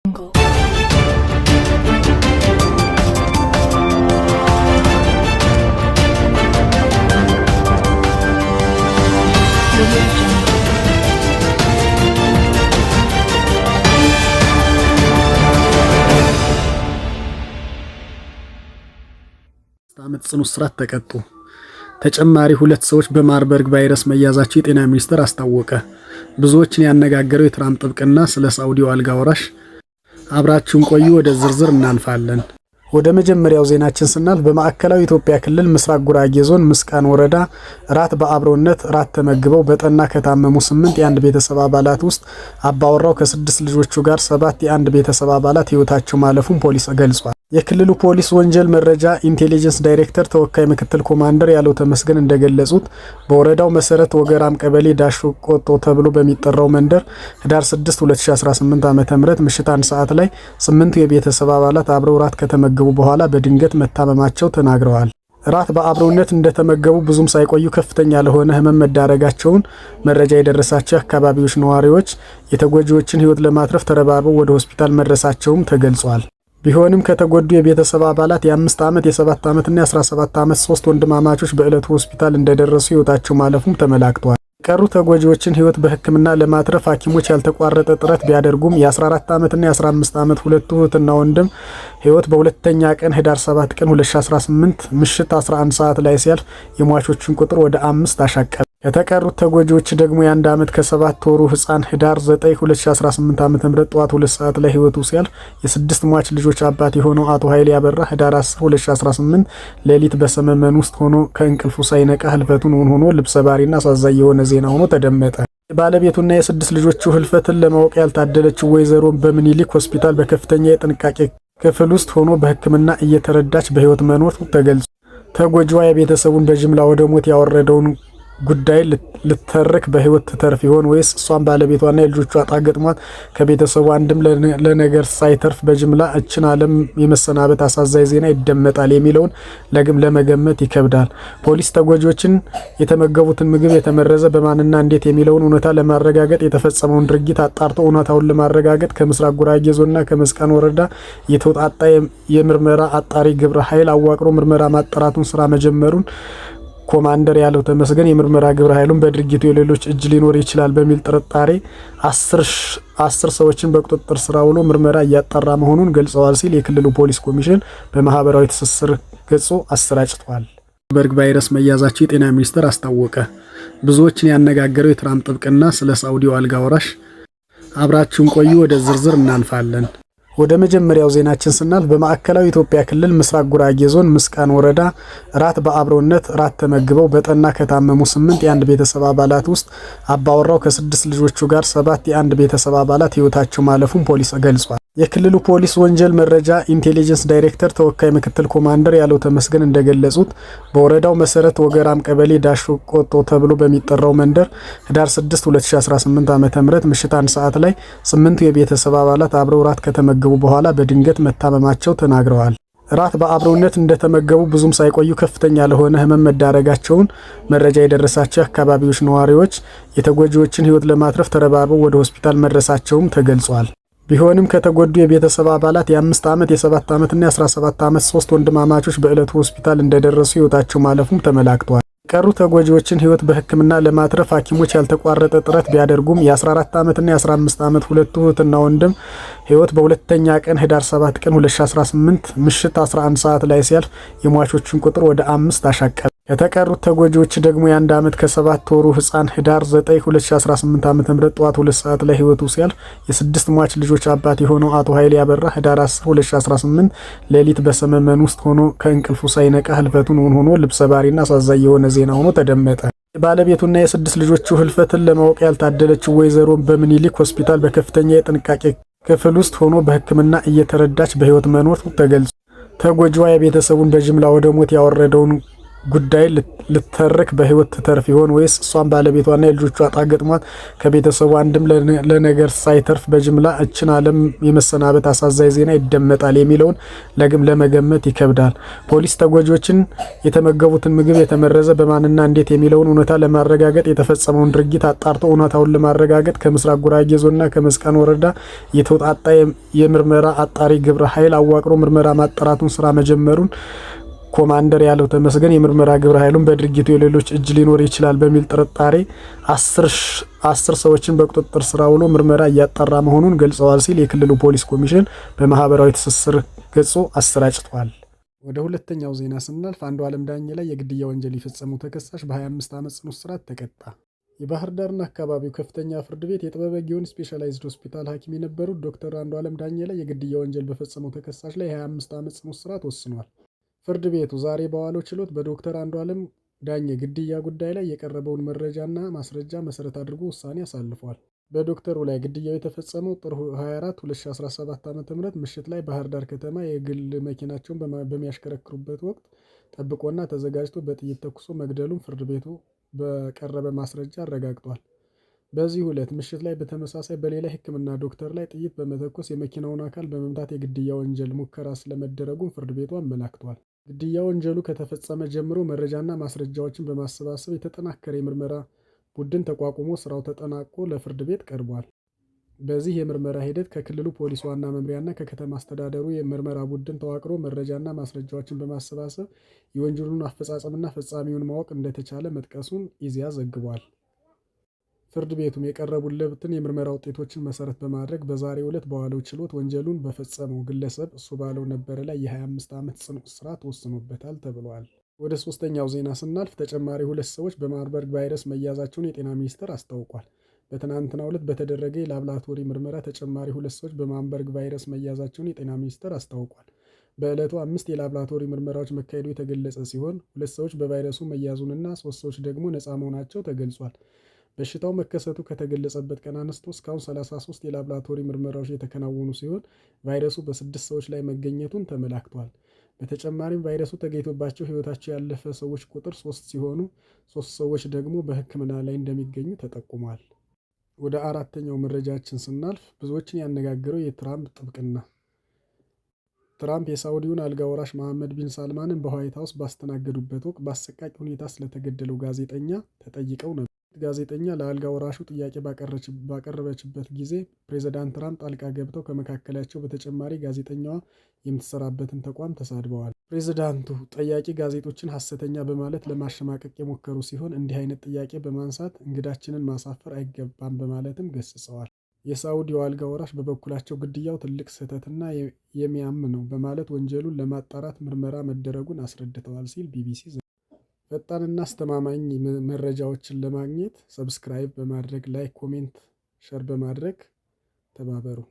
ዓመት ጽኑ እስራት ተቀጡ። ተጨማሪ ሁለት ሰዎች በማርበርግ ቫይረስ መያዛቸው የጤና ሚኒስቴር አስታወቀ። ብዙዎችን ያነጋገረው የትራምፕ ጥብቅና ስለ ሳውዲው አልጋ ወራሽ አብራችሁን ቆዩ። ወደ ዝርዝር እናልፋለን። ወደ መጀመሪያው ዜናችን ስናልፍ በማዕከላዊ ኢትዮጵያ ክልል ምስራቅ ጉራጌ ዞን ምስቃን ወረዳ ራት በአብሮነት ራት ተመግበው በጠና ከታመሙ ስምንት የአንድ ቤተሰብ አባላት ውስጥ አባወራው ከስድስት ልጆቹ ጋር ሰባት የአንድ ቤተሰብ አባላት ሕይወታቸው ማለፉን ፖሊስ ገልጿል። የክልሉ ፖሊስ ወንጀል መረጃ ኢንቴሊጀንስ ዳይሬክተር ተወካይ ምክትል ኮማንደር ያለው ተመስገን እንደገለጹት በወረዳው መሰረት ወገራም ቀበሌ ዳሾ ቆጦ ተብሎ በሚጠራው መንደር ህዳር 6 2018 ዓ ም ምሽት አንድ ሰዓት ላይ ስምንቱ የቤተሰብ አባላት አብረው ራት ከተመገቡ በኋላ በድንገት መታመማቸው ተናግረዋል። ራት በአብረውነት እንደተመገቡ ብዙም ሳይቆዩ ከፍተኛ ለሆነ ህመም መዳረጋቸውን መረጃ የደረሳቸው የአካባቢዎች ነዋሪዎች የተጎጂዎችን ህይወት ለማትረፍ ተረባርበው ወደ ሆስፒታል መድረሳቸውም ተገልጿል። ቢሆንም ከተጎዱ የቤተሰብ አባላት የአምስት ዓመት የሰባት ዓመትና የአስራ ሰባት ዓመት ሶስት ወንድማማቾች በዕለቱ ሆስፒታል እንደደረሱ ህይወታቸው ማለፉም ተመላክቷል። የቀሩ ተጎጂዎችን ህይወት በህክምና ለማትረፍ ሐኪሞች ያልተቋረጠ ጥረት ቢያደርጉም የ14 ዓመትና የ15 ዓመት ሁለቱ እህትና ወንድም ህይወት በሁለተኛ ቀን ህዳር 7 ቀን 2018 ምሽት 11 ሰዓት ላይ ሲያልፍ የሟቾችን ቁጥር ወደ አምስት አሻቀበ። የተቀሩት ተጎጂዎች ደግሞ የአንድ ዓመት ከሰባት ወሩ ህፃን ህዳር 9 2018 ዓ ም ጠዋት ሁለት ሰዓት ላይ ህይወቱ ሲያልፍ የስድስት ሟች ልጆች አባት የሆነው አቶ ኃይል ያበራ ህዳር 10 2018 ሌሊት በሰመመን ውስጥ ሆኖ ከእንቅልፉ ሳይነቃ ህልፈቱን እውን ሆኖ ልብሰ ባሪና አሳዛኝ የሆነ ዜና ሆኖ ተደመጠ። የባለቤቱና የስድስት ልጆቹ ህልፈትን ለማወቅ ያልታደለችው ወይዘሮ በምኒልክ ሆስፒታል በከፍተኛ የጥንቃቄ ክፍል ውስጥ ሆኖ በህክምና እየተረዳች በህይወት መኖር ተገልጿል። ተጎጂዋ የቤተሰቡን በጅምላ ወደ ሞት ያወረደውን ጉዳይ ልተርክ በህይወት ትተርፍ ይሆን ወይስ እሷን ባለቤቷና የልጆቿ ዕጣ ገጥሟት ከቤተሰቡ አንድም ለነገር ሳይተርፍ በጅምላ እችን ዓለም የመሰናበት አሳዛኝ ዜና ይደመጣል የሚለውን ለግም ለመገመት ይከብዳል። ፖሊስ ተጎጂዎችን የተመገቡትን ምግብ የተመረዘ በማንና እንዴት የሚለውን እውነታ ለማረጋገጥ የተፈጸመውን ድርጊት አጣርቶ እውነታውን ለማረጋገጥ ከምስራቅ ጉራጌ ዞንና ከመስቃን ወረዳ የተውጣጣ የምርመራ አጣሪ ግብረ ኃይል አዋቅሮ ምርመራ ማጣራቱን ስራ መጀመሩን ኮማንደር ያለው ተመስገን የምርመራ ግብረ ኃይሉን በድርጊቱ የሌሎች እጅ ሊኖር ይችላል በሚል ጥርጣሬ አስር ሰዎችን በቁጥጥር ስራ ውሎ ምርመራ እያጣራ መሆኑን ገልጸዋል ሲል የክልሉ ፖሊስ ኮሚሽን በማህበራዊ ትስስር ገጹ አሰራጭቷል። በርግ ቫይረስ መያዛቸው የጤና ሚኒስቴር አስታወቀ። ብዙዎችን ያነጋገረው የትራምፕ ጥብቅና ስለ ሳውዲው አልጋ ወራሽ። አብራችሁን ቆዩ። ወደ ዝርዝር እናልፋለን። ወደ መጀመሪያው ዜናችን ስናልፍ በማዕከላዊ ኢትዮጵያ ክልል ምስራቅ ጉራጌ ዞን ምስቃን ወረዳ ራት በአብሮነት ራት ተመግበው በጠና ከታመሙ ስምንት የአንድ ቤተሰብ አባላት ውስጥ አባወራው ከስድስት ልጆቹ ጋር ሰባት የአንድ ቤተሰብ አባላት ሕይወታቸው ማለፉን ፖሊስ ገልጿል። የክልሉ ፖሊስ ወንጀል መረጃ ኢንቴሊጀንስ ዳይሬክተር ተወካይ ምክትል ኮማንደር ያለው ተመስገን እንደገለጹት በወረዳው መሰረት ወገራም ቀበሌ ዳሾ ቆጦ ተብሎ በሚጠራው መንደር ህዳር 6 2018 ዓ ም ምሽት አንድ ሰዓት ላይ ስምንቱ የቤተሰብ አባላት አብረው እራት ከተመገቡ በኋላ በድንገት መታመማቸው ተናግረዋል። ራት በአብሮነት እንደተመገቡ ብዙም ሳይቆዩ ከፍተኛ ለሆነ ህመም መዳረጋቸውን መረጃ የደረሳቸው የአካባቢዎች ነዋሪዎች የተጎጂዎችን ህይወት ለማትረፍ ተረባርበው ወደ ሆስፒታል መድረሳቸውም ተገልጿል። ቢሆንም ከተጎዱ የቤተሰብ አባላት የአምስት ዓመት የሰባት ዓመትና የአስራ ሰባት ዓመት ሶስት ወንድማማቾች በዕለቱ ሆስፒታል እንደደረሱ ህይወታቸው ማለፉም ተመላክቷል። የቀሩ ተጎጂዎችን ህይወት በህክምና ለማትረፍ ሐኪሞች ያልተቋረጠ ጥረት ቢያደርጉም የ14 ዓመትና የ15 ዓመት ሁለቱ እህትና ወንድም ህይወት በሁለተኛ ቀን ህዳር 7 ቀን 2018 ምሽት 11 ሰዓት ላይ ሲያልፍ የሟቾችን ቁጥር ወደ አምስት አሻቀበ። የተቀሩት ተጎጂዎች ደግሞ የአንድ ዓመት ከሰባት ወሩ ህፃን ህዳር 9 2018 ዓ.ም ጠዋት ሁለት ሰዓት ላይ ህይወቱ ሲያልፍ የስድስት ሟች ልጆች አባት የሆነው አቶ ኃይል ያበራ ህዳር 10 2018 ሌሊት በሰመመን ውስጥ ሆኖ ከእንቅልፉ ሳይነቃ ህልፈቱን ውን ሆኖ ልብሰ ባሪና አሳዛኝ የሆነ ዜና ሆኖ ተደመጠ። የባለቤቱና የስድስት ልጆቹ ህልፈትን ለማወቅ ያልታደለችው ወይዘሮ በምኒልክ ሆስፒታል በከፍተኛ የጥንቃቄ ክፍል ውስጥ ሆኖ በህክምና እየተረዳች በህይወት መኖር ተገልጿል። ተጎጂዋ የቤተሰቡን በጅምላ ወደ ሞት ያወረደውን ጉዳይ ልትተርክ በህይወት ትተርፍ ይሆን ወይስ እሷን ባለቤቷና የልጆቿ ዕጣ ገጥሟት ከቤተሰቡ አንድም ለነገር ሳይተርፍ በጅምላ እችን ዓለም የመሰናበት አሳዛኝ ዜና ይደመጣል የሚለውን ለግም ለመገመት ይከብዳል። ፖሊስ ተጎጂዎችን የተመገቡትን ምግብ የተመረዘ በማንና እንዴት የሚለውን እውነታ ለማረጋገጥ የተፈጸመውን ድርጊት አጣርቶ እውነታውን ለማረጋገጥ ከምስራቅ ጉራጌ ዞንና ከመስቃን ወረዳ የተውጣጣ የምርመራ አጣሪ ግብረ ኃይል አዋቅሮ ምርመራ ማጣራቱን ስራ መጀመሩን ኮማንደር ያለው ተመስገን የምርመራ ግብረ ኃይሉን በድርጊቱ የሌሎች እጅ ሊኖር ይችላል በሚል ጥርጣሬ አስር ሰዎችን በቁጥጥር ስር ውሎ ምርመራ እያጣራ መሆኑን ገልጸዋል ሲል የክልሉ ፖሊስ ኮሚሽን በማህበራዊ ትስስር ገጹ አሰራጭቷል። ወደ ሁለተኛው ዜና ስናልፍ አንዱ አለም ዳኝ ላይ የግድያ ወንጀል የፈጸሙ ተከሳሽ በ25 ዓመት ጽኑ እስራት ተቀጣ። የባህር ዳርና አካባቢው ከፍተኛ ፍርድ ቤት የጥበበ ጊዮን ስፔሻላይዝድ ሆስፒታል ሐኪም የነበሩት ዶክተር አንዱ አለም ዳኝ ላይ የግድያ ወንጀል በፈጸመው ተከሳሽ ላይ የ25 ዓመት ጽኑ እስራት ወስኗል። ፍርድ ቤቱ ዛሬ በዋለው ችሎት በዶክተር አንዱዓለም ዳኘ ግድያ ጉዳይ ላይ የቀረበውን መረጃና ማስረጃ መሰረት አድርጎ ውሳኔ አሳልፏል። በዶክተሩ ላይ ግድያው የተፈጸመው ጥር 24 2017 ዓ ም ምሽት ላይ ባህር ዳር ከተማ የግል መኪናቸውን በሚያሽከረክሩበት ወቅት ጠብቆና ተዘጋጅቶ በጥይት ተኩሶ መግደሉን ፍርድ ቤቱ በቀረበ ማስረጃ አረጋግጧል። በዚህ ሁለት ምሽት ላይ በተመሳሳይ በሌላ ሕክምና ዶክተር ላይ ጥይት በመተኮስ የመኪናውን አካል በመምታት የግድያ ወንጀል ሙከራ ስለመደረጉም ፍርድ ቤቱ አመላክቷል። ግድያ ወንጀሉ ከተፈጸመ ጀምሮ መረጃና ማስረጃዎችን በማሰባሰብ የተጠናከረ የምርመራ ቡድን ተቋቁሞ ስራው ተጠናቆ ለፍርድ ቤት ቀርቧል። በዚህ የምርመራ ሂደት ከክልሉ ፖሊስ ዋና መምሪያና ከከተማ አስተዳደሩ የምርመራ ቡድን ተዋቅሮ መረጃና ማስረጃዎችን በማሰባሰብ የወንጀሉን አፈጻጸምና ፈጻሚውን ማወቅ እንደተቻለ መጥቀሱን ኢዜአ ዘግቧል ፍርድ ቤቱም የቀረቡለትን የምርመራ ውጤቶችን መሰረት በማድረግ በዛሬ ዕለት በዋለው ችሎት ወንጀሉን በፈጸመው ግለሰብ እሱ ባለው ነበረ ላይ የ25 ዓመት ጽኑ እስራት ተወስኖበታል ተብሏል። ወደ ሶስተኛው ዜና ስናልፍ ተጨማሪ ሁለት ሰዎች በማርበርግ ቫይረስ መያዛቸውን የጤና ሚኒስቴር አስታውቋል። በትናንትናው ዕለት በተደረገ የላብራቶሪ ምርመራ ተጨማሪ ሁለት ሰዎች በማንበርግ ቫይረስ መያዛቸውን የጤና ሚኒስቴር አስታውቋል። በዕለቱ አምስት የላብራቶሪ ምርመራዎች መካሄዱ የተገለጸ ሲሆን ሁለት ሰዎች በቫይረሱ መያዙንና ሶስት ሰዎች ደግሞ ነፃ መሆናቸው ተገልጿል። በሽታው መከሰቱ ከተገለጸበት ቀን አንስቶ እስካሁን 33 የላብራቶሪ ምርመራዎች የተከናወኑ ሲሆን ቫይረሱ በስድስት ሰዎች ላይ መገኘቱን ተመላክቷል። በተጨማሪም ቫይረሱ ተገኝቶባቸው ህይወታቸው ያለፈ ሰዎች ቁጥር ሶስት ሲሆኑ ሶስት ሰዎች ደግሞ በሕክምና ላይ እንደሚገኙ ተጠቁሟል። ወደ አራተኛው መረጃችን ስናልፍ ብዙዎችን ያነጋገረው የትራምፕ ጥብቅና ትራምፕ የሳውዲውን አልጋ ወራሽ መሐመድ ቢን ሳልማንን በዋይት ሀውስ ባስተናገዱበት ወቅት በአሰቃቂ ሁኔታ ስለተገደለው ጋዜጠኛ ተጠይቀው ነበር። ጋዜጠኛ ለአልጋ ወራሹ ጥያቄ ባቀረበችበት ጊዜ ፕሬዝዳንት ትራምፕ ጣልቃ ገብተው ከመካከላቸው በተጨማሪ ጋዜጠኛዋ የምትሰራበትን ተቋም ተሳድበዋል። ፕሬዝዳንቱ ጠያቂ ጋዜጦችን ሐሰተኛ በማለት ለማሸማቀቅ የሞከሩ ሲሆን እንዲህ አይነት ጥያቄ በማንሳት እንግዳችንን ማሳፈር አይገባም በማለትም ገስጸዋል። የሳዑዲው አልጋ ወራሽ በበኩላቸው ግድያው ትልቅ ስህተትና የሚያም ነው በማለት ወንጀሉን ለማጣራት ምርመራ መደረጉን አስረድተዋል ሲል ቢቢሲ ፈጣንና አስተማማኝ መረጃዎችን ለማግኘት ሰብስክራይብ በማድረግ ላይክ ኮሜንት ሸር በማድረግ ተባበሩን